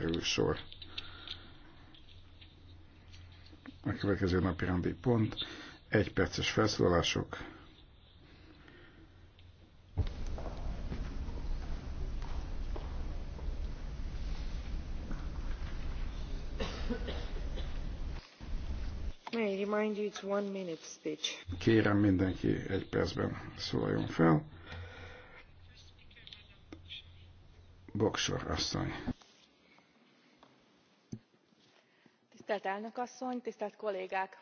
kerül sor. A következő napi rendi pont, egy perces felszólalások, Kérem mindenki egy percben szóljon fel. Boksor asszony. tisztelt elnök asszony tisztelt kollégák!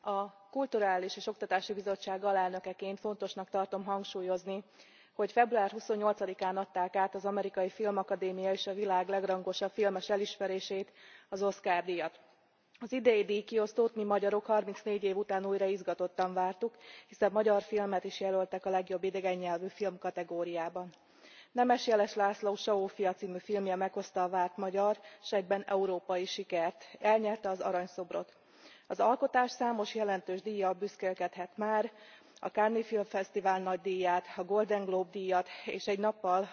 a kulturális és oktatási bizottság alelnökeként fontosnak tartom hangsúlyozni hogy február twenty eight án adták át az amerikai filmakadémia és a világ legrangosabb filmes elismerését az oscar djat. az idei djkiosztót mi magyarok thirty four év után újra izgatottan vártuk hiszen magyar filmet is jelöltek a legjobb idegen nyelvű film kategóriában jeles lászló saófia cmű filmje meghozta a várt magyar s egyben európai sikert elnyerte az aranyszobrot. az alkotás számos jelentős djjal büszkélkedhet már a cannes i filmfesztivál nagydját a golden globe djat és egy nappal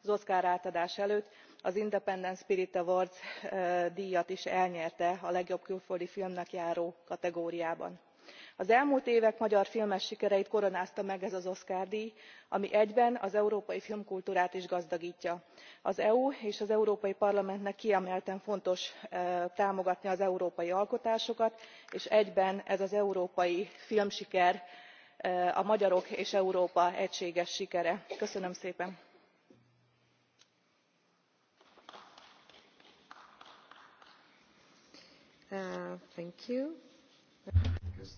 az oscar átadás előtt az independent spirit awards djat is elnyerte a legjobb külföldi filmnek járó kategóriában az elmúlt évek magyar filmes sikereit koronázta meg ez az oscar dj ami egyben az európai filmkultúrát is gazdagtja. az eu és az európai parlamentnek kiemelten fontos támogatni az európai alkotásokat és egyben ez az európai filmsiker a magyarok és európa egységes sikere. köszönöm szépen! Uh,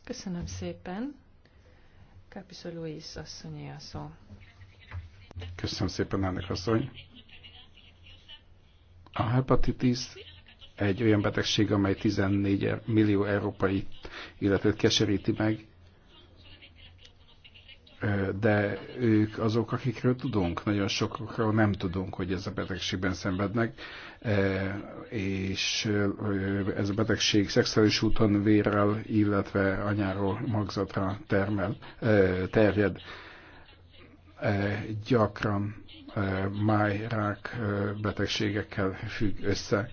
Köszönöm szépen. Kapiszor Luis asszonyé a szó. Köszönöm szépen, elnök asszony. A hepatitis egy olyan betegség, amely 14 millió európai illetőt keseríti meg, de ők azok, akikről tudunk. Nagyon sokakról nem tudunk, hogy ez a betegségben szenvednek, és ez a betegség szexuális úton vérrel, illetve anyáról magzatra termel, terjed. Gyakran májrák betegségekkel függ össze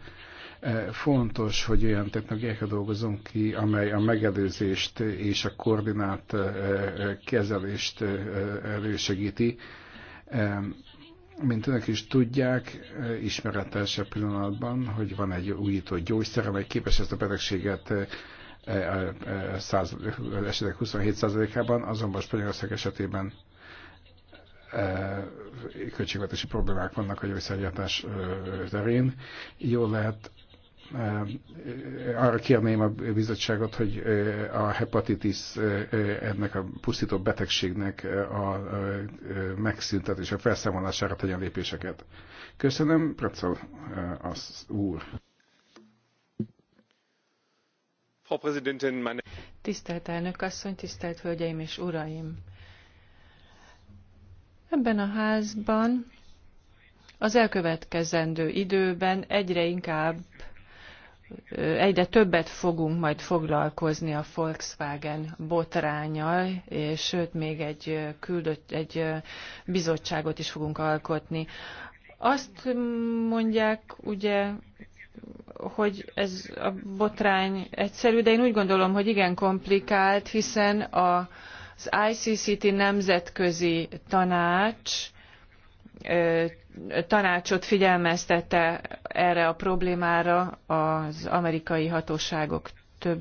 E, fontos, hogy olyan technológiákat dolgozunk ki, amely a megelőzést és a koordinált e, e, kezelést elősegíti. Mint önök is tudják, ismeretes a pillanatban, hogy van egy újító gyógyszer, amely képes ezt a betegséget az esetek 27%-ában, azonban Spanyolország esetében költségvetési problémák vannak a gyógyszergyártás terén. Jó lehet, arra kérném a bizottságot, hogy a hepatitis ennek a pusztító betegségnek a a felszámolására tegyen lépéseket. Köszönöm, Pracol az úr. Tisztelt elnök asszony, tisztelt hölgyeim és uraim! Ebben a házban az elkövetkezendő időben egyre inkább egyre többet fogunk majd foglalkozni a Volkswagen botrányal, és sőt még egy, küldött, egy bizottságot is fogunk alkotni. Azt mondják ugye, hogy ez a botrány egyszerű, de én úgy gondolom, hogy igen komplikált, hiszen a, az ICCT nemzetközi tanács tanácsot figyelmeztette erre a problémára az amerikai hatóságok több,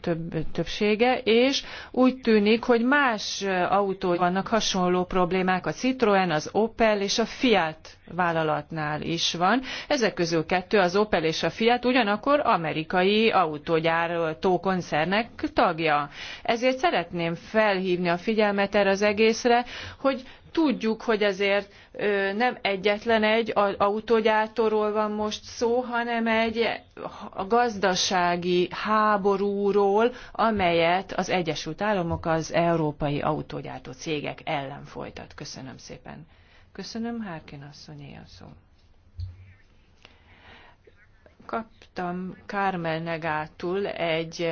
több, többsége, és úgy tűnik, hogy más autók vannak hasonló problémák, a Citroen, az Opel és a Fiat vállalatnál is van. Ezek közül kettő, az Opel és a Fiat ugyanakkor amerikai autógyártó koncernek tagja. Ezért szeretném felhívni a figyelmet erre az egészre, hogy Tudjuk, hogy azért nem egyetlen egy autógyártóról van most szó, hanem egy gazdasági háborúról, amelyet az Egyesült Államok az európai autógyártó cégek ellen folytat. Köszönöm szépen. Köszönöm, Hárkin asszonyé a szó. Kaptam Carmel Negától egy,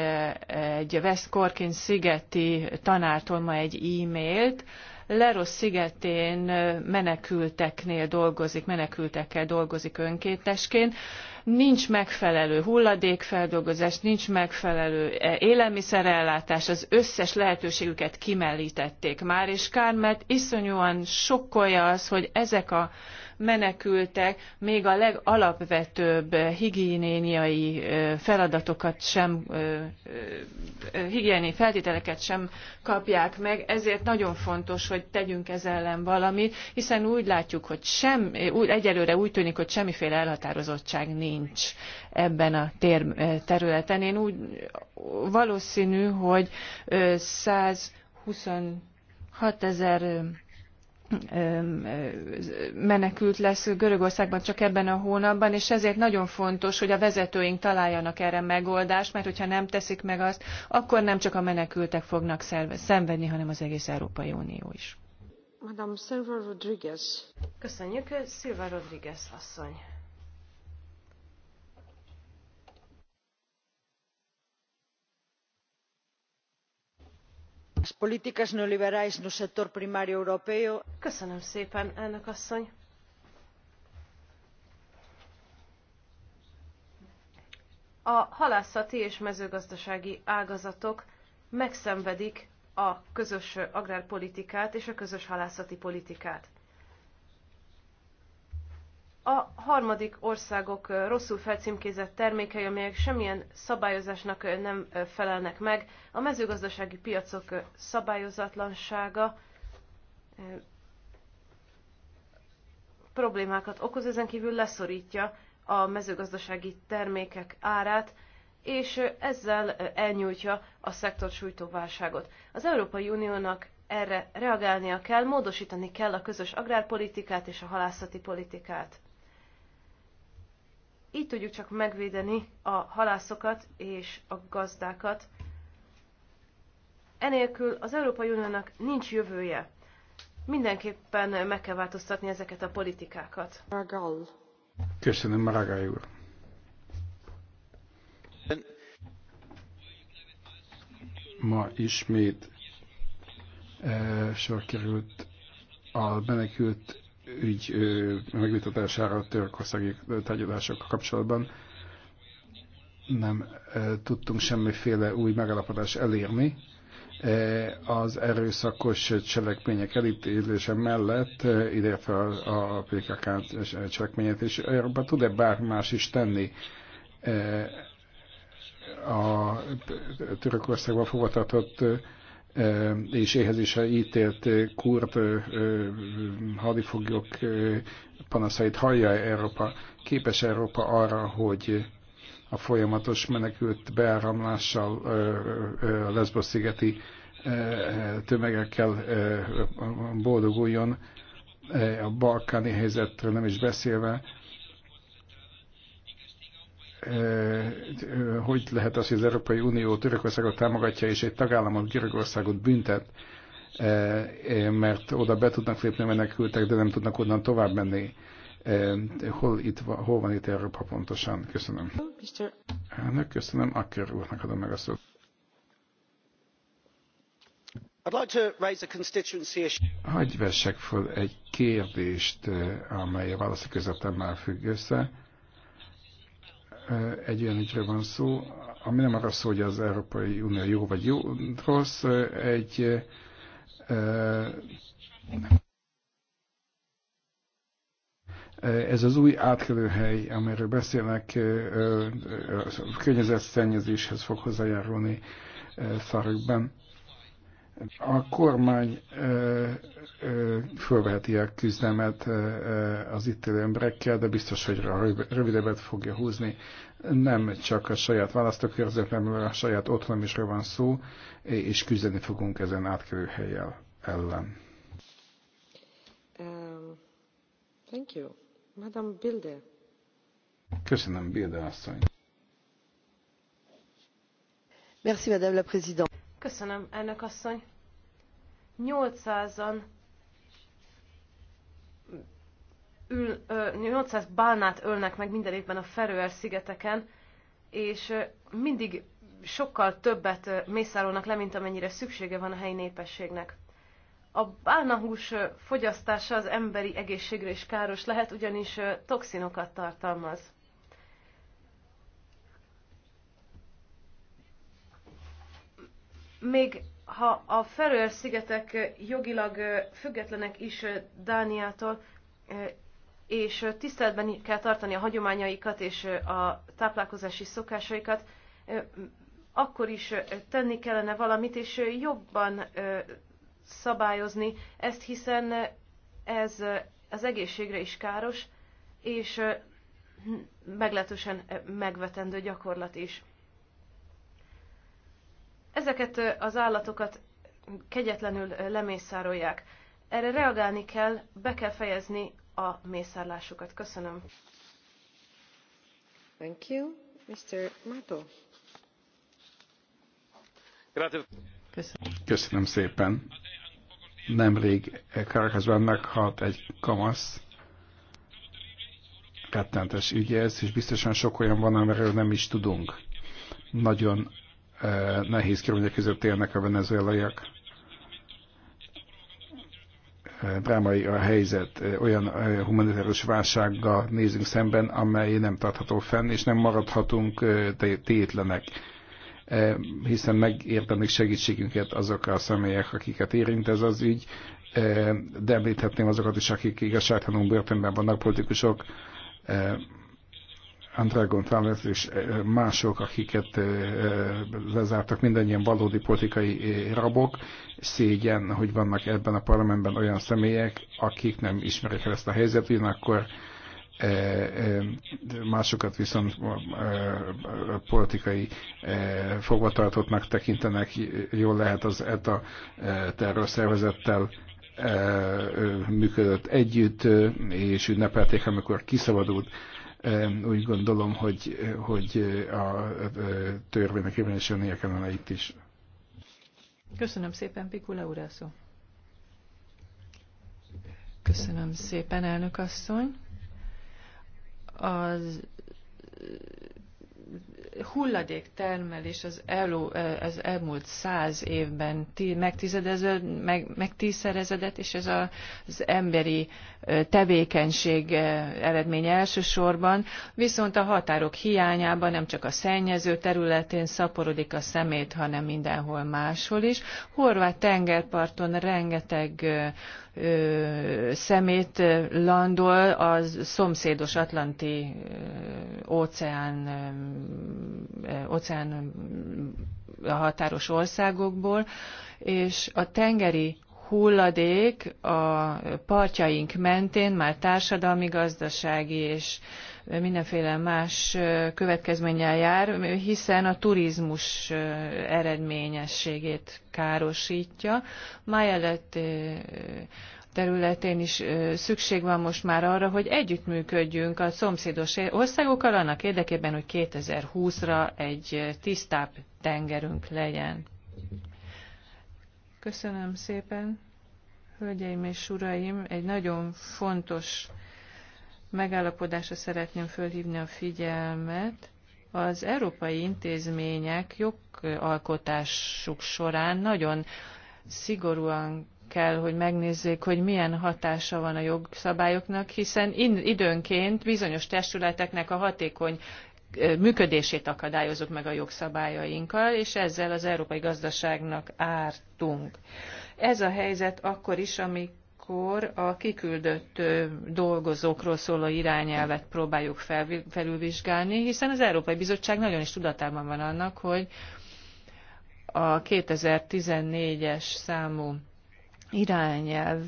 egy West Corkin szigeti tanártól ma egy e-mailt, Leros szigetén menekülteknél dolgozik, menekültekkel dolgozik önkéntesként. Nincs megfelelő hulladékfeldolgozás, nincs megfelelő e, élelmiszerellátás, az összes lehetőségüket kimelítették már, és kár, mert iszonyúan sokkolja az, hogy ezek a menekültek még a legalapvetőbb higiéniai feladatokat sem, higiéniai feltételeket sem kapják meg, ezért nagyon fontos, hogy tegyünk ez ellen valamit, hiszen úgy látjuk, hogy sem, úgy, egyelőre úgy tűnik, hogy semmiféle elhatározottság nincs ebben a tér, területen. Én úgy valószínű, hogy 126 ezer menekült lesz Görögországban csak ebben a hónapban, és ezért nagyon fontos, hogy a vezetőink találjanak erre megoldást, mert hogyha nem teszik meg azt, akkor nem csak a menekültek fognak szenvedni, hanem az egész Európai Unió is. Madame Silva Rodriguez. Köszönjük, Silva Rodriguez asszony. Az Köszönöm szépen, elnök asszony. A halászati és mezőgazdasági ágazatok megszenvedik a közös agrárpolitikát és a közös halászati politikát a harmadik országok rosszul felcímkézett termékei, amelyek semmilyen szabályozásnak nem felelnek meg, a mezőgazdasági piacok szabályozatlansága problémákat okoz, ezen kívül leszorítja a mezőgazdasági termékek árát, és ezzel elnyújtja a szektor sújtó válságot. Az Európai Uniónak erre reagálnia kell, módosítani kell a közös agrárpolitikát és a halászati politikát. Így tudjuk csak megvédeni a halászokat és a gazdákat. Enélkül az Európai Uniónak nincs jövője. Mindenképpen meg kell változtatni ezeket a politikákat. Maragall. Köszönöm, Maragall úr. Ma ismét eh, sor került a menekült ügy megvitatására a törökországi tárgyalásokkal kapcsolatban nem tudtunk semmiféle új megállapodást elérni. Az erőszakos cselekmények elítélése mellett, ide fel a PKK cselekményet, és Európa tud-e bármi más is tenni a Törökországban fogadhatott és éhezésre ítélt kurd hadifoglyok panaszait hallja Európa, képes Európa arra, hogy a folyamatos menekült beáramlással Lesbos-szigeti tömegekkel boldoguljon, a balkáni helyzetről nem is beszélve, hogy lehet az, hogy az Európai Unió Törökországot támogatja, és egy tagállamot, Görögországot büntet, mert oda be tudnak lépni menekültek, de nem tudnak onnan tovább menni. Hol, itt, hol van itt Európa pontosan? Köszönöm. Elnök, köszönöm. Akkor úrnak adom meg a szót. Hagyj vessek föl egy kérdést, amely a válaszi már függ össze egy olyan ügyről van szó, ami nem arra szó, hogy az Európai Unió jó vagy jó, rossz, egy ez az új átkelőhely, amiről beszélnek, a környezetszennyezéshez fog hozzájárulni Farökben a kormány fölveheti a küzdelmet az itt élő emberekkel, de biztos, hogy rövidebbet fogja húzni. Nem csak a saját választókörzetben, a saját otthonomisról van szó, és küzdeni fogunk ezen átkerülő helyjel ellen. Um, thank you. Madame Bilde. Köszönöm, Bilde asszony. Merci, Madame la Présidente Köszönöm, elnök asszony. 800-an 800 bálnát ölnek meg minden évben a Feröer szigeteken, és mindig sokkal többet mészárolnak le, mint amennyire szüksége van a helyi népességnek. A bálnahús fogyasztása az emberi egészségre is káros lehet, ugyanis toxinokat tartalmaz. még ha a Feröer-szigetek jogilag függetlenek is Dániától, és tiszteletben kell tartani a hagyományaikat és a táplálkozási szokásaikat, akkor is tenni kellene valamit, és jobban szabályozni ezt, hiszen ez az egészségre is káros, és meglehetősen megvetendő gyakorlat is. Ezeket az állatokat kegyetlenül lemészárolják. Erre reagálni kell, be kell fejezni a mészárlásukat. Köszönöm. Thank you. Mr. Mato. Köszönöm. szépen. Nemrég Caracasban meghalt egy kamasz, rettentes ügy ez, és biztosan sok olyan van, amiről nem is tudunk. Nagyon nehéz körülmények között élnek a venezuelaiak. Drámai a helyzet, olyan humanitárius válsággal nézünk szemben, amely nem tartható fenn, és nem maradhatunk tétlenek hiszen megérdemlik segítségünket azok a személyek, akiket érint ez az ügy, de említhetném azokat is, akik igazságtalanul börtönben vannak, politikusok, André González és eh, mások, akiket eh, lezártak, mindannyian valódi politikai eh, rabok, szégyen, hogy vannak ebben a parlamentben olyan személyek, akik nem ismerik el ezt a helyzet, ugyanakkor másokat viszont politikai fogvatartottnak tekintenek, jól lehet az ETA terrorszervezettel működött együtt, és ünnepelték, amikor kiszabadult úgy gondolom, hogy, hogy a törvénynek érvényesülnie kellene itt is. Köszönöm szépen, Pikula Urászó. Köszönöm szépen, elnök asszony. Az termelés az, elő, az elmúlt száz évben megtizedezett, meg, megtízszerezedett, és ez az emberi tevékenység eredménye elsősorban, viszont a határok hiányában nem csak a szennyező területén szaporodik a szemét, hanem mindenhol máshol is. Horvát tengerparton rengeteg szemét landol a szomszédos Atlanti óceán, óceán határos országokból, és a tengeri hulladék a partjaink mentén már társadalmi, gazdasági és mindenféle más következménnyel jár, hiszen a turizmus eredményességét károsítja. Májelet területén is szükség van most már arra, hogy együttműködjünk a szomszédos országokkal annak érdekében, hogy 2020-ra egy tisztább tengerünk legyen. Köszönöm szépen, hölgyeim és uraim, egy nagyon fontos megállapodásra szeretném fölhívni a figyelmet. Az európai intézmények jogalkotásuk során nagyon szigorúan kell, hogy megnézzék, hogy milyen hatása van a jogszabályoknak, hiszen időnként bizonyos testületeknek a hatékony működését akadályozunk meg a jogszabályainkkal, és ezzel az európai gazdaságnak ártunk. Ez a helyzet akkor is, amikor a kiküldött dolgozókról szóló irányelvet próbáljuk felülvizsgálni, hiszen az Európai Bizottság nagyon is tudatában van annak, hogy a 2014-es számú irányelv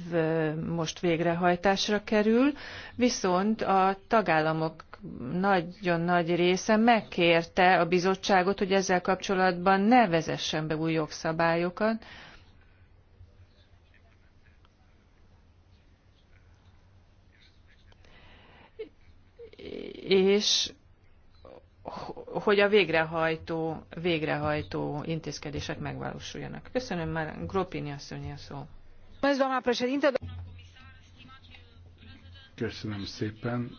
most végrehajtásra kerül, viszont a tagállamok nagyon nagy része megkérte a bizottságot, hogy ezzel kapcsolatban ne vezessen be új jogszabályokat. És hogy a végrehajtó, végrehajtó intézkedések megvalósuljanak. Köszönöm már, Gropini asszony a szó. Köszönöm szépen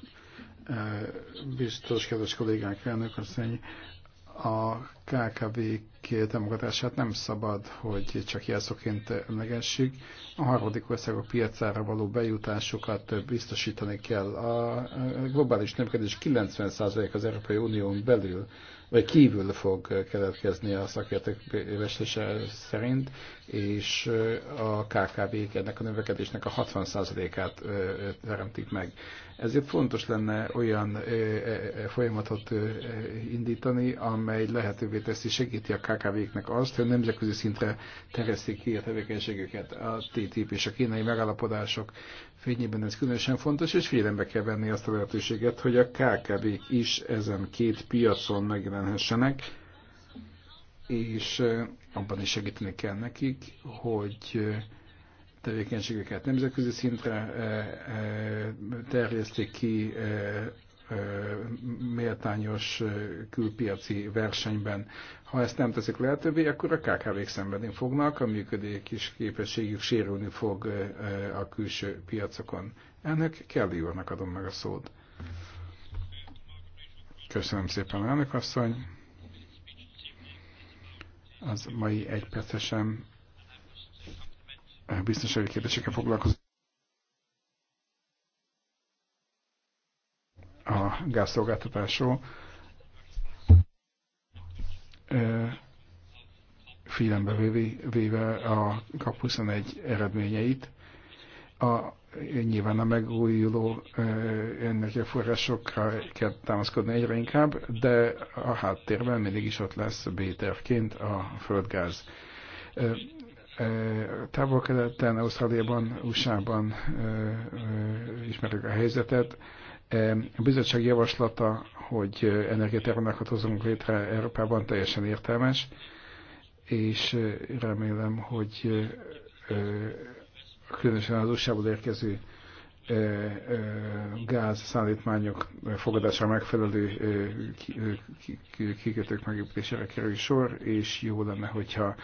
biztos, kedves kollégák, elnök asszony, a KKV-k támogatását nem szabad, hogy csak jelszóként emlegessük. A harmadik országok piacára való bejutásokat biztosítani kell. A globális növekedés 90% az Európai Unión belül vagy kívül fog keletkezni a szakértők éveslése szerint, és a KKV-k ennek a növekedésnek a 60%-át teremtik meg. Ezért fontos lenne olyan folyamatot indítani, amely lehetővé teszi, segíti a KKV-knek azt, hogy nemzetközi szintre terjesztik ki a tevékenységüket. A TTIP és a kínai megállapodások fényében ez különösen fontos, és figyelembe kell venni azt a lehetőséget, hogy a kkv is ezen két piacon megjelenhessenek, és abban is segíteni kell nekik, hogy tevékenységeket nemzetközi szintre terjeszték ki, méltányos külpiaci versenyben. Ha ezt nem teszik lehetővé, akkor a KKV-k szenvedni fognak, a is képességük sérülni fog a külső piacokon. Ennek Kelly úrnak adom meg a szót. Köszönöm szépen, elnök asszony. Az mai egypercesem biztonsági kérdésekkel foglalkozik. a gázszolgáltatásról figyelembe véve a kap 21 eredményeit. A, nyilván a megújuló energiaforrásokra kell támaszkodni egyre inkább, de a háttérben mindig is ott lesz b a földgáz. Távol-keleten, Ausztráliában, USA-ban ismerjük a helyzetet a bizottság javaslata, hogy energiatermeleket hozunk létre Európában, teljesen értelmes, és remélem, hogy különösen az usa érkező gáz szállítmányok fogadása megfelelő kikötők megépítésére kerül sor, és jó lenne, hogyha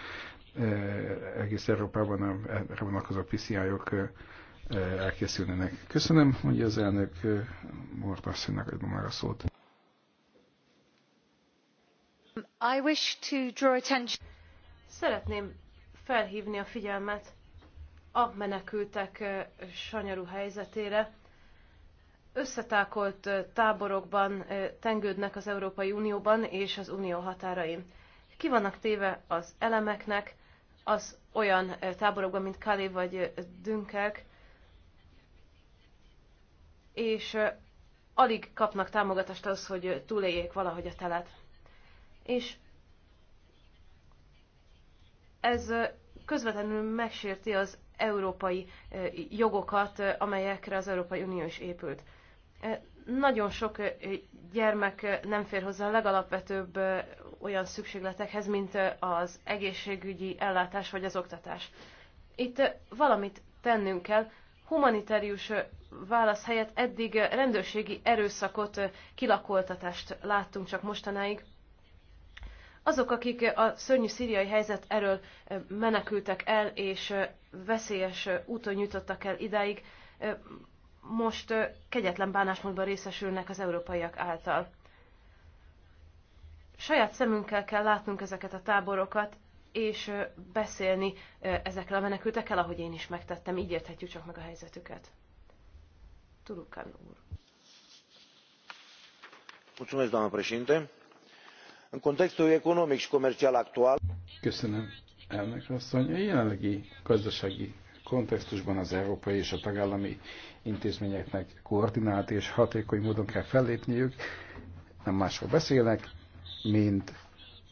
egész Európában erre vonatkozó PCI-ok -ok Eh, elkészülnének. Köszönöm, hogy az elnök eh, Mortasszonynak adom már a szót. I wish to draw attention. Szeretném felhívni a figyelmet a menekültek eh, sanyarú helyzetére. Összetákolt táborokban tengődnek az Európai Unióban és az Unió határain. Ki vannak téve az elemeknek, az olyan táborokban, mint Calais vagy Dünkerk, és alig kapnak támogatást az, hogy túléljék valahogy a telet. És ez közvetlenül megsérti az európai jogokat, amelyekre az Európai Unió is épült. Nagyon sok gyermek nem fér hozzá a legalapvetőbb olyan szükségletekhez, mint az egészségügyi ellátás vagy az oktatás. Itt valamit tennünk kell, humanitárius válasz helyett eddig rendőrségi erőszakot, kilakoltatást láttunk csak mostanáig. Azok, akik a szörnyű szíriai helyzet erről menekültek el, és veszélyes úton nyújtottak el idáig, most kegyetlen bánásmódban részesülnek az európaiak által. Saját szemünkkel kell látnunk ezeket a táborokat, és beszélni ezekkel a menekültekkel, ahogy én is megtettem, így érthetjük csak meg a helyzetüket. Turukan úr. Mulțumesc, doamnă președinte. În contextul economic și comercial actual... Köszönöm, elnök asszony. A jelenlegi gazdasági kontextusban az európai és a tagállami intézményeknek koordinált és hatékony módon kell fellépniük. Nem másról beszélek, mint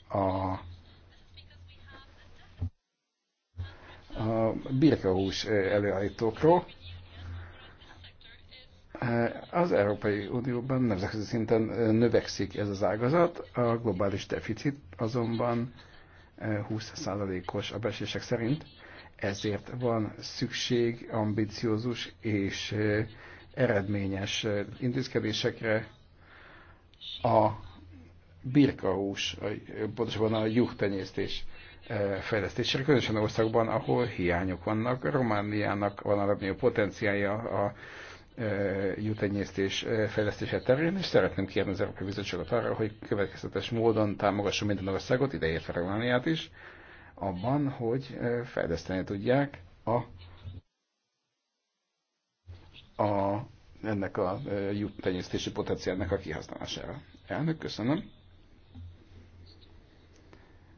a a birkahús eh, előállítókról. Eh, az Európai Unióban nemzetközi szinten eh, növekszik ez az ágazat, a globális deficit azonban 20%-os a besések szerint, ezért van szükség ambiciózus és eredményes intézkedésekre a birkahús, pontosabban a juhtenyésztés fejlesztésre, különösen országban, ahol hiányok vannak. Romániának van a legnagyobb potenciálja a jutenyésztés fejlesztése terén, és szeretném kérni az Európai Bizottságot arra, hogy következetes módon támogasson minden országot, ideértve Romániát is, abban, hogy fejleszteni tudják a, a ennek a jutenyésztési potenciálnak a kihasználására. Elnök, köszönöm.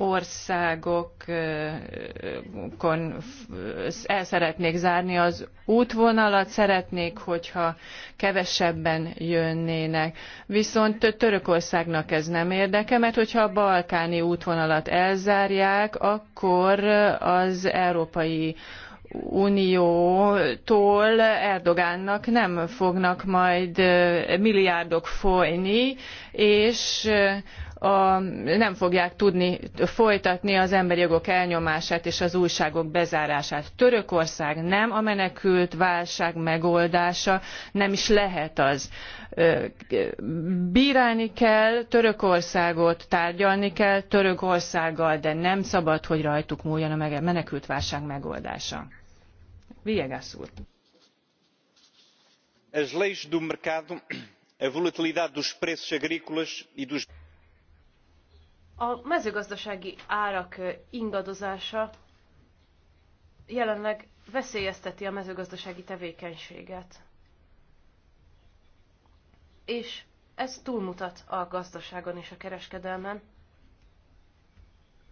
országokon el szeretnék zárni az útvonalat, szeretnék, hogyha kevesebben jönnének. Viszont Törökországnak ez nem érdeke, mert hogyha a balkáni útvonalat elzárják, akkor az európai Uniótól Erdogánnak nem fognak majd milliárdok folyni, és a, nem fogják tudni folytatni az emberi jogok elnyomását és az újságok bezárását. Törökország nem a menekült válság megoldása, nem is lehet az. Bírálni kell Törökországot, tárgyalni kell Törökországgal, de nem szabad, hogy rajtuk múljon a menekült válság megoldása. Viegas úr. As leis do mercado, a volatilidade dos preços agrícolas e dos a mezőgazdasági árak ingadozása jelenleg veszélyezteti a mezőgazdasági tevékenységet. És ez túlmutat a gazdaságon és a kereskedelmen.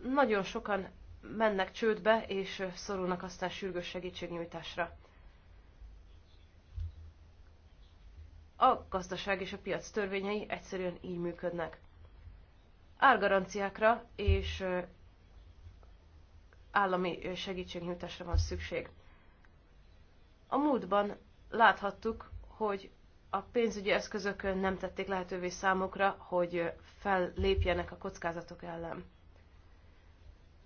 Nagyon sokan mennek csődbe, és szorulnak aztán sürgős segítségnyújtásra. A gazdaság és a piac törvényei egyszerűen így működnek árgaranciákra és állami segítségnyújtásra van szükség. A múltban láthattuk, hogy a pénzügyi eszközökön nem tették lehetővé számukra, hogy fellépjenek a kockázatok ellen.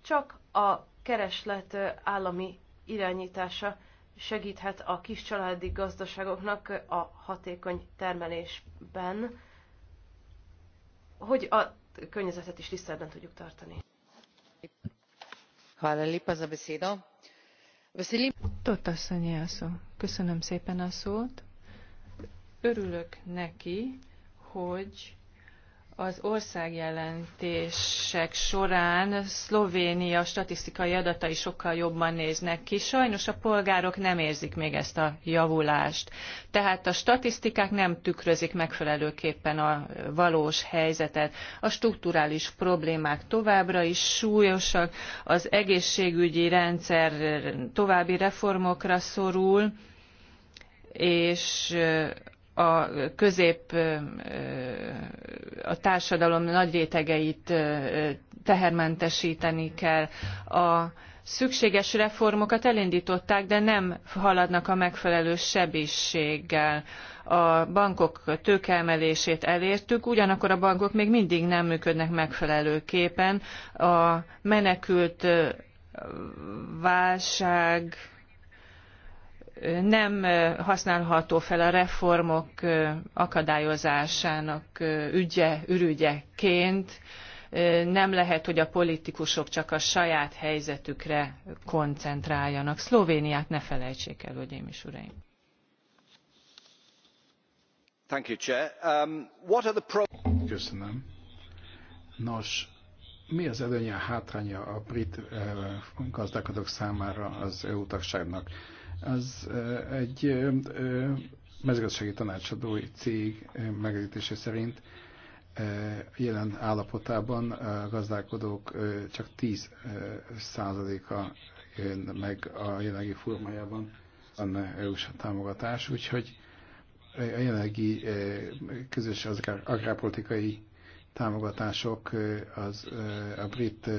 Csak a kereslet állami irányítása segíthet a kis családi gazdaságoknak a hatékony termelésben, hogy a környezetet is tiszteletben tudjuk tartani. Tott asszonyé a Köszönöm szépen a szót. Örülök neki, hogy az országjelentések során Szlovénia statisztikai adatai sokkal jobban néznek ki. Sajnos a polgárok nem érzik még ezt a javulást. Tehát a statisztikák nem tükrözik megfelelőképpen a valós helyzetet. A strukturális problémák továbbra is súlyosak, az egészségügyi rendszer további reformokra szorul, és a közép a társadalom nagy rétegeit tehermentesíteni kell. A szükséges reformokat elindították, de nem haladnak a megfelelő sebességgel. A bankok tőkeemelését elértük, ugyanakkor a bankok még mindig nem működnek megfelelőképpen. A menekült válság nem használható fel a reformok akadályozásának ügye, ürügyeként, nem lehet, hogy a politikusok csak a saját helyzetükre koncentráljanak. Szlovéniát ne felejtsék el, hölgyeim és uraim. Um, Köszönöm. Nos, mi az előnye, a hátránya a brit gazdálkodók számára az EU tagságnak? az egy mezőgazdasági tanácsadói cég megrítése szerint jelen állapotában a gazdálkodók csak 10 százaléka jön meg a jelenlegi formájában van EU-s támogatás, úgyhogy a jelenlegi közös agrárpolitikai támogatások az a brit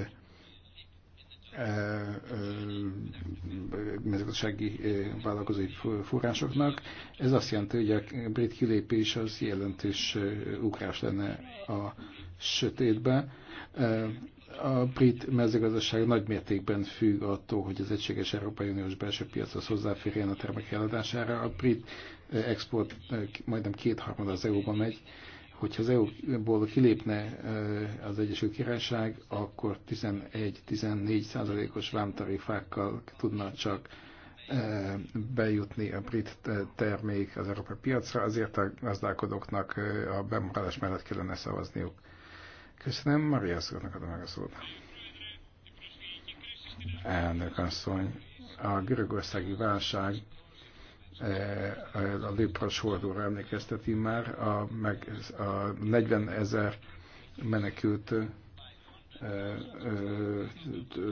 E, e, mezőgazdasági e, vállalkozói forrásoknak. Ez azt jelenti, hogy a brit kilépés az jelentős ugrás lenne a sötétbe. A brit mezőgazdaság nagy mértékben függ attól, hogy az egységes Európai Uniós belső piachoz hozzáférjen a termék eladására. A brit export majdnem kétharmada az EU-ba megy, hogyha az EU-ból kilépne eh, az Egyesült Királyság, akkor 11-14 százalékos vámtarifákkal tudna csak eh, bejutni a brit termék az európai piacra, azért a gazdálkodóknak eh, a bemaradás mellett kellene szavazniuk. Köszönöm, Maria Szúrnak adom meg a szót. Elnök asszony, a görögországi válság Eh, eh, a Lépas emlékezteti már, a, meg, a 40 ezer menekült eh,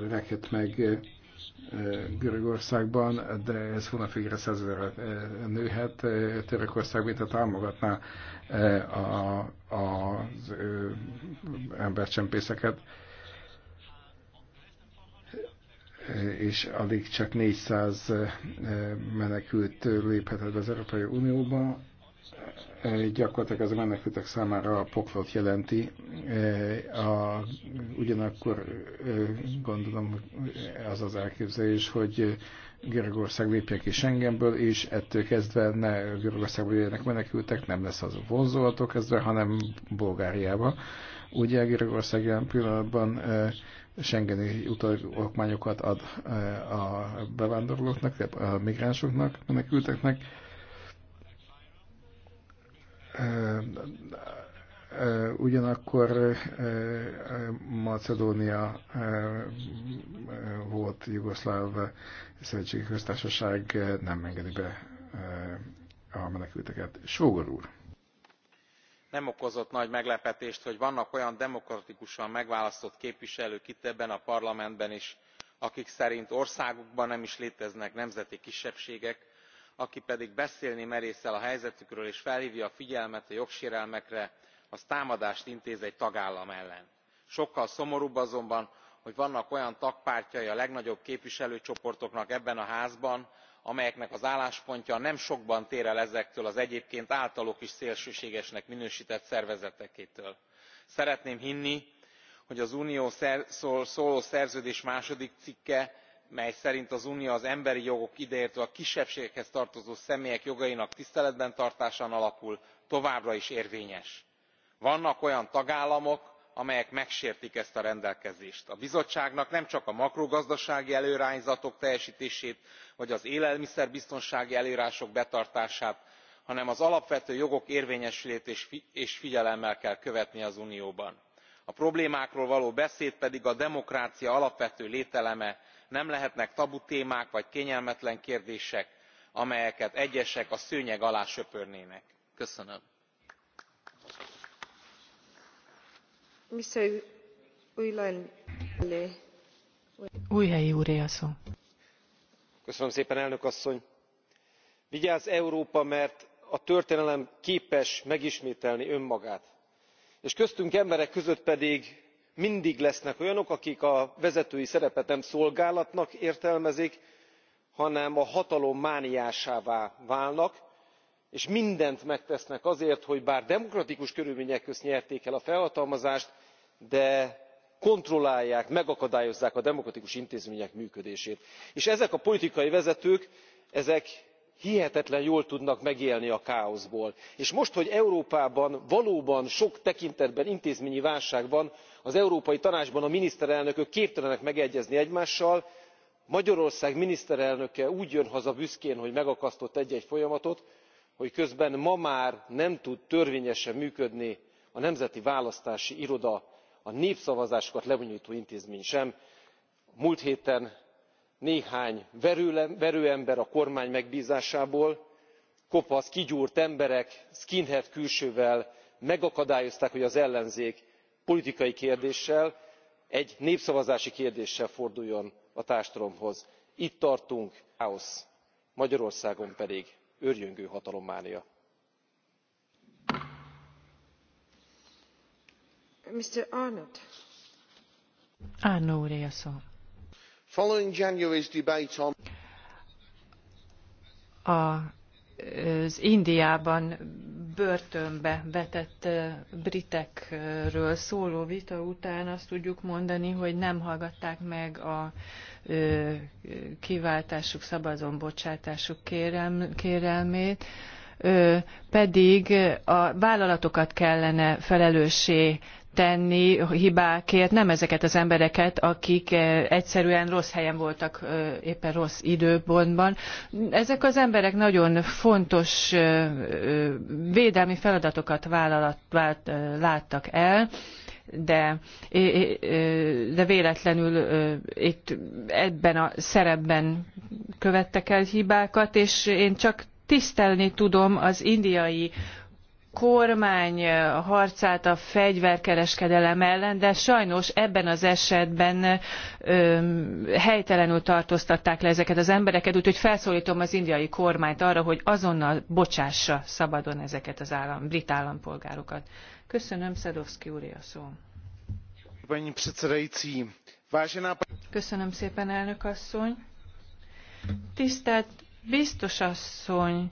reket meg Görögországban, de ez hónapvégre százezerre nőhet. Törökország mint a támogatná a, a, az embercsempészeket és alig csak 400 eh, menekült léphetett az Európai Unióba. Eh, gyakorlatilag az a menekültek számára a poklot jelenti. Eh, a, ugyanakkor gondolom az az elképzelés, hogy Görögország lépje ki Schengenből, és ettől kezdve ne Görögországból jöjjenek menekültek, nem lesz az vonzóatól kezdve, hanem Bulgáriába. Ugye Görögország ilyen pillanatban Schengeni utalokmányokat ad a bevándorlóknak, a migránsoknak, menekülteknek. Ugyanakkor Macedónia volt Jugoszláv Szövetségi Köztársaság, nem engedi be a menekülteket. Sógor úr! nem okozott nagy meglepetést hogy vannak olyan demokratikusan megválasztott képviselők itt ebben a parlamentben is akik szerint országukban nem is léteznek nemzeti kisebbségek aki pedig beszélni merészel a helyzetükről és felhvja a figyelmet a jogsérelmekre az támadást intéz egy tagállam ellen. sokkal szomorúbb azonban hogy vannak olyan tagpártjai a legnagyobb képviselőcsoportoknak ebben a házban amelyeknek az álláspontja nem sokban tér el ezektől az egyébként általuk is szélsőségesnek minőstett szervezetekétől. szeretném hinni hogy az unióról szóló szerződés második cikke mely szerint az unió az emberi jogok ideértve a kisebbségekhez tartozó személyek jogainak tiszteletben tartásán alapul továbbra is érvényes. vannak olyan tagállamok amelyek megsértik ezt a rendelkezést. a bizottságnak nem csak a makrogazdasági előirányzatok teljestését vagy az élelmiszerbiztonsági előrások betartását hanem az alapvető jogok érvényesülését is figyelemmel kell követni az unióban. a problémákról való beszéd pedig a demokrácia alapvető lételeme nem lehetnek tabutémák vagy kényelmetlen kérdések amelyeket egyesek a szőnyeg alá söpörnének. köszönöm vigyázz európa mert a történelem képes megismételni önmagát és köztünk emberek között pedig mindig lesznek olyanok akik a vezetői szerepet nem szolgálatnak értelmezik hanem a hatalom mániásává válnak és mindent megtesznek azért hogy bár demokratikus körülmények közt nyerték el a felhatalmazást de kontrollálják megakadályozzák a demokratikus intézmények működését és ezek a politikai vezetők hihetetlen jól tudnak megélni a káoszból és most hogy európában valóban sok tekintetben intézményi válság van az európai tanácsban a miniszterelnökök képtelenek megegyezni egymással magyarország miniszterelnöke úgy jön haza büszkén hogy megakasztott egy egy folyamatot hogy közben ma már nem tud törvényesen működni a nemzeti választási iroda a népszavazásokat lebonyoltó intézmény sem. múlt héten néhány verőember a kormány megbzásából kopasz kigyúrt emberek skinhead külsővel megakadályozták hogy az ellenzék politikai kérdéssel egy népszavazási kérdéssel forduljon a társadalomhoz. itt tartunk káosz magyarországon pedig őrjöngő hatalommánia. Mr. Arnott. Following January's debate on... A az Indiában börtönbe vetett britekről szóló vita után azt tudjuk mondani, hogy nem hallgatták meg a kiváltásuk, szabadon kérelmét, pedig a vállalatokat kellene felelőssé tenni hibákért, nem ezeket az embereket, akik eh, egyszerűen rossz helyen voltak eh, éppen rossz időpontban. Ezek az emberek nagyon fontos eh, védelmi feladatokat vállalat, vált, láttak el, de, de véletlenül itt ebben a szerepben követtek el hibákat, és én csak tisztelni tudom az indiai kormány harcát a fegyverkereskedelem ellen, de sajnos ebben az esetben ö, helytelenül tartóztatták le ezeket az embereket, úgyhogy felszólítom az indiai kormányt arra, hogy azonnal bocsássa szabadon ezeket az állam, brit állampolgárokat. Köszönöm, Szedovszki úr, a szó. Köszönöm szépen, elnök asszony. Tisztelt biztos asszony,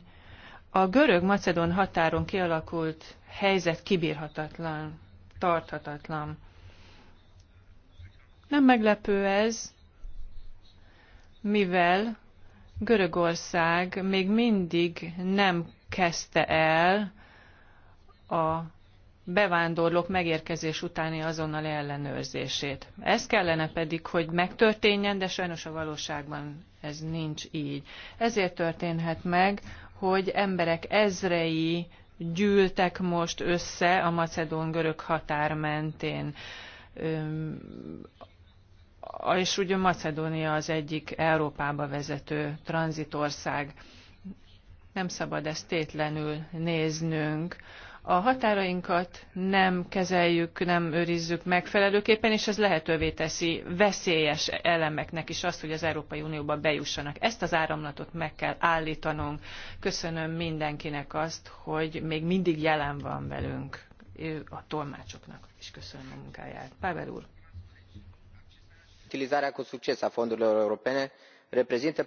a görög-macedon határon kialakult helyzet kibírhatatlan, tarthatatlan. Nem meglepő ez, mivel Görögország még mindig nem kezdte el a bevándorlók megérkezés utáni azonnal ellenőrzését. Ez kellene pedig, hogy megtörténjen, de sajnos a valóságban ez nincs így. Ezért történhet meg, hogy emberek ezrei gyűltek most össze a macedón-görög határ mentén. És ugye Macedónia az egyik Európába vezető tranzitország. Nem szabad ezt tétlenül néznünk a határainkat nem kezeljük, nem őrizzük megfelelőképpen, és ez lehetővé teszi veszélyes elemeknek is azt, hogy az Európai Unióba bejussanak. Ezt az áramlatot meg kell állítanunk. Köszönöm mindenkinek azt, hogy még mindig jelen van velünk a tolmácsoknak, és köszönöm a munkáját. Pavel úr! Utilizarea cu succes a fondurilor europene reprezintă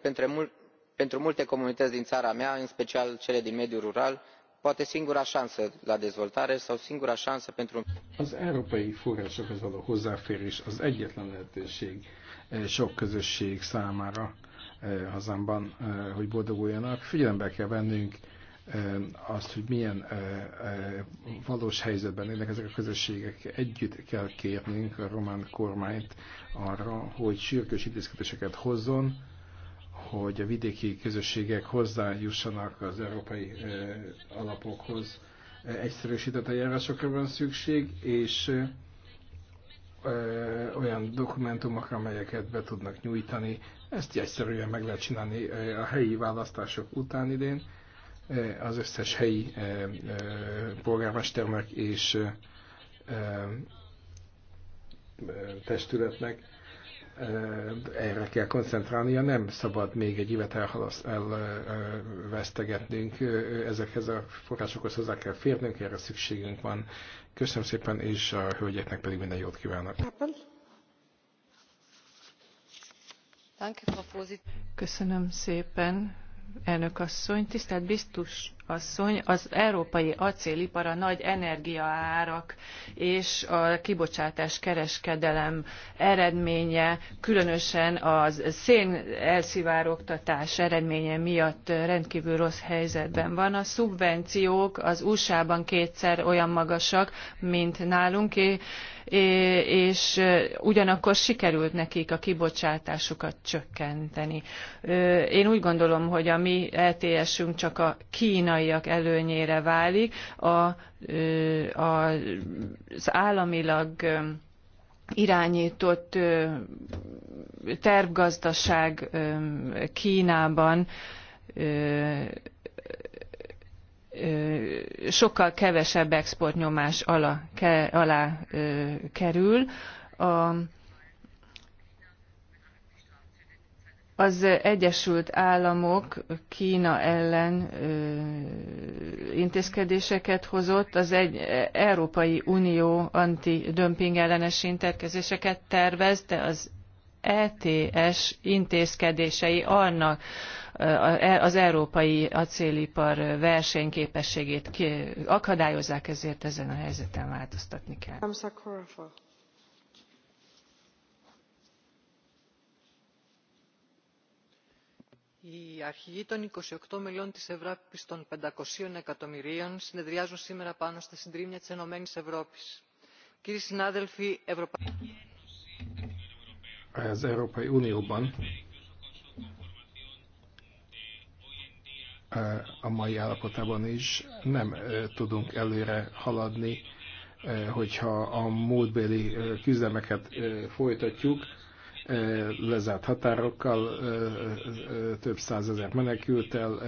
pentru multe comunități din țara mea, în special cele din mediul rural, poate singura șansă la dezvoltare sau singura șansă pentru. Az európai forrásokhoz való hozzáférés az egyetlen lehetőség e, sok közösség számára e, hazámban, e, hogy boldoguljanak. Figyelembe kell vennünk azt, hogy milyen valós helyzetben élnek ezek a közösségek. Együtt kell kérnünk a román kormányt arra, hogy sürgős intézkedéseket hozzon, hogy a vidéki közösségek hozzájussanak az európai eh, alapokhoz. Eh, egyszerűsített eljárásokra van szükség, és eh, olyan dokumentumok, amelyeket be tudnak nyújtani. Ezt egyszerűen meg lehet csinálni a helyi választások után idén. Az összes helyi polgármesternek és testületnek erre kell koncentrálnia, nem szabad még egy évet elvesztegetnünk, ezekhez a forrásokhoz hozzá kell férnünk, erre szükségünk van. Köszönöm szépen, és a hölgyeknek pedig minden jót kívánok. Köszönöm szépen, elnök asszony, tisztelt biztos asszony, az európai acélipar a nagy energiaárak és a kibocsátás kereskedelem eredménye, különösen az szén elszivárogtatás eredménye miatt rendkívül rossz helyzetben van. A szubvenciók az USA-ban kétszer olyan magasak, mint nálunk, és ugyanakkor sikerült nekik a kibocsátásukat csökkenteni. Én úgy gondolom, hogy a mi ETS-ünk csak a Kína kínaiak előnyére válik. A, a, az államilag irányított tervgazdaság Kínában sokkal kevesebb exportnyomás alá, alá kerül. A, az Egyesült Államok Kína ellen ö, intézkedéseket hozott, az egy Európai Unió antidömping ellenes intézkedéseket tervez, de az ETS intézkedései annak e, az európai acélipar versenyképességét akadályozzák, ezért ezen a helyzeten változtatni kell. η αρχηγοί των 28 μελών της Ευρώπης των 500 εκατομμυρίων συνεδριάζουν σήμερα πάνω στα συντρίμμια της Ενωμένης Ευρώπης. Κύριοι συνάδελφοι, Ευρωπαϊκή Ένωση... Az Európai Unióban a mai állapotában is nem tudunk előre haladni, hogyha a múltbéli küzdemeket folytatjuk lezárt határokkal, több százezer menekültel,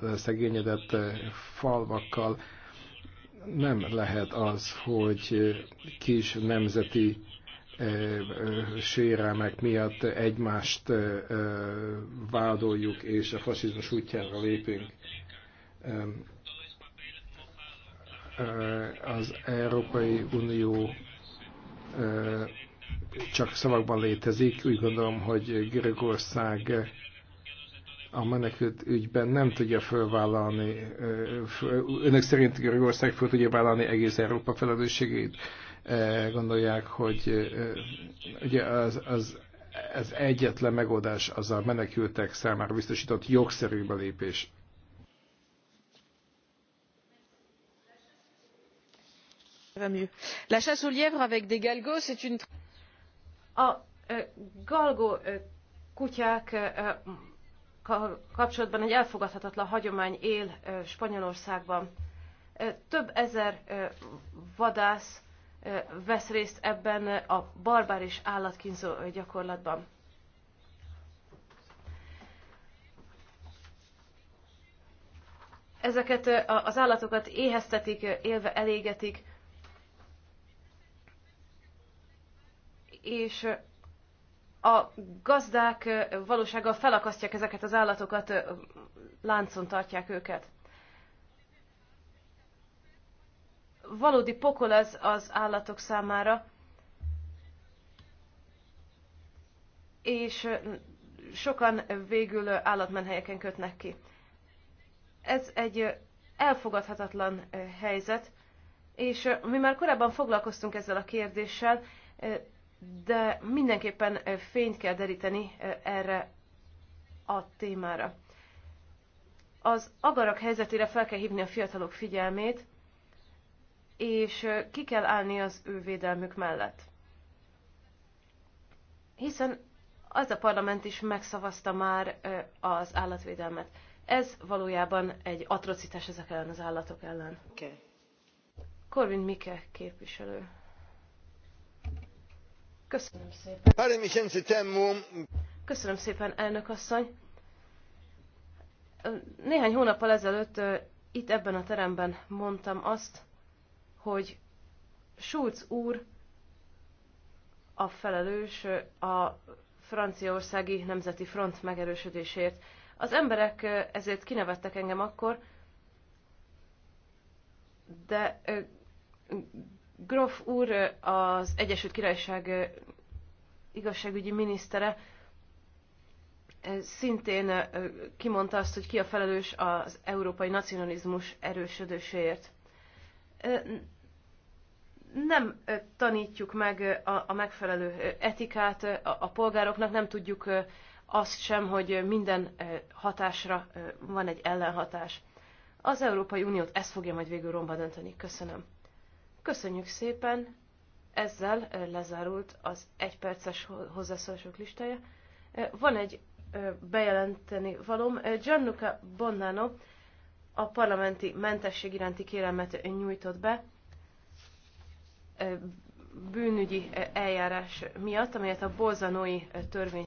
elszegényedett falvakkal. Nem lehet az, hogy kis nemzeti sérelmek miatt egymást vádoljuk és a fasizmus útjára lépünk. Az Európai Unió csak szavakban létezik. Úgy gondolom, hogy Görögország a menekült ügyben nem tudja fölvállalni, önök szerint Görögország föl tudja vállalni egész Európa felelősségét. Gondolják, hogy ugye az, az, az egyetlen megoldás az a menekültek számára biztosított jogszerű belépés. La chasse avec des galgos, c'est une... A galgó kutyák kapcsolatban egy elfogadhatatlan hagyomány él Spanyolországban. Több ezer vadász vesz részt ebben a barbáris állatkínzó gyakorlatban. Ezeket az állatokat éheztetik, élve elégetik, és a gazdák valósága felakasztják ezeket az állatokat, láncon tartják őket. Valódi pokol ez az állatok számára, és sokan végül állatmenhelyeken kötnek ki. Ez egy elfogadhatatlan helyzet, és mi már korábban foglalkoztunk ezzel a kérdéssel, de mindenképpen eh, fényt kell deríteni eh, erre a témára. Az agarak helyzetére fel kell hívni a fiatalok figyelmét, és eh, ki kell állni az ő védelmük mellett. Hiszen az a parlament is megszavazta már az állatvédelmet. Ez valójában egy atrocitás ezek ellen az állatok ellen. Okay. Korvin Mike képviselő. Köszönöm szépen. Köszönöm szépen, elnök asszony. Néhány hónappal ezelőtt itt ebben a teremben mondtam azt, hogy Schulz úr a felelős a franciaországi nemzeti front megerősödésért. Az emberek ezért kinevettek engem akkor, de Grof úr, az Egyesült Királyság igazságügyi minisztere, szintén kimondta azt, hogy ki a felelős az európai nacionalizmus erősödéséért. Nem tanítjuk meg a megfelelő etikát a polgároknak, nem tudjuk azt sem, hogy minden hatásra van egy ellenhatás. Az Európai Uniót ez fogja majd végül romba dönteni. Köszönöm. Köszönjük szépen! Ezzel lezárult az egyperces hozzászólások listája. Van egy bejelenteni valom. Gianluca Bonnano a parlamenti mentesség iránti kérelmet nyújtott be bűnügyi eljárás miatt, amelyet a bolzanói törvény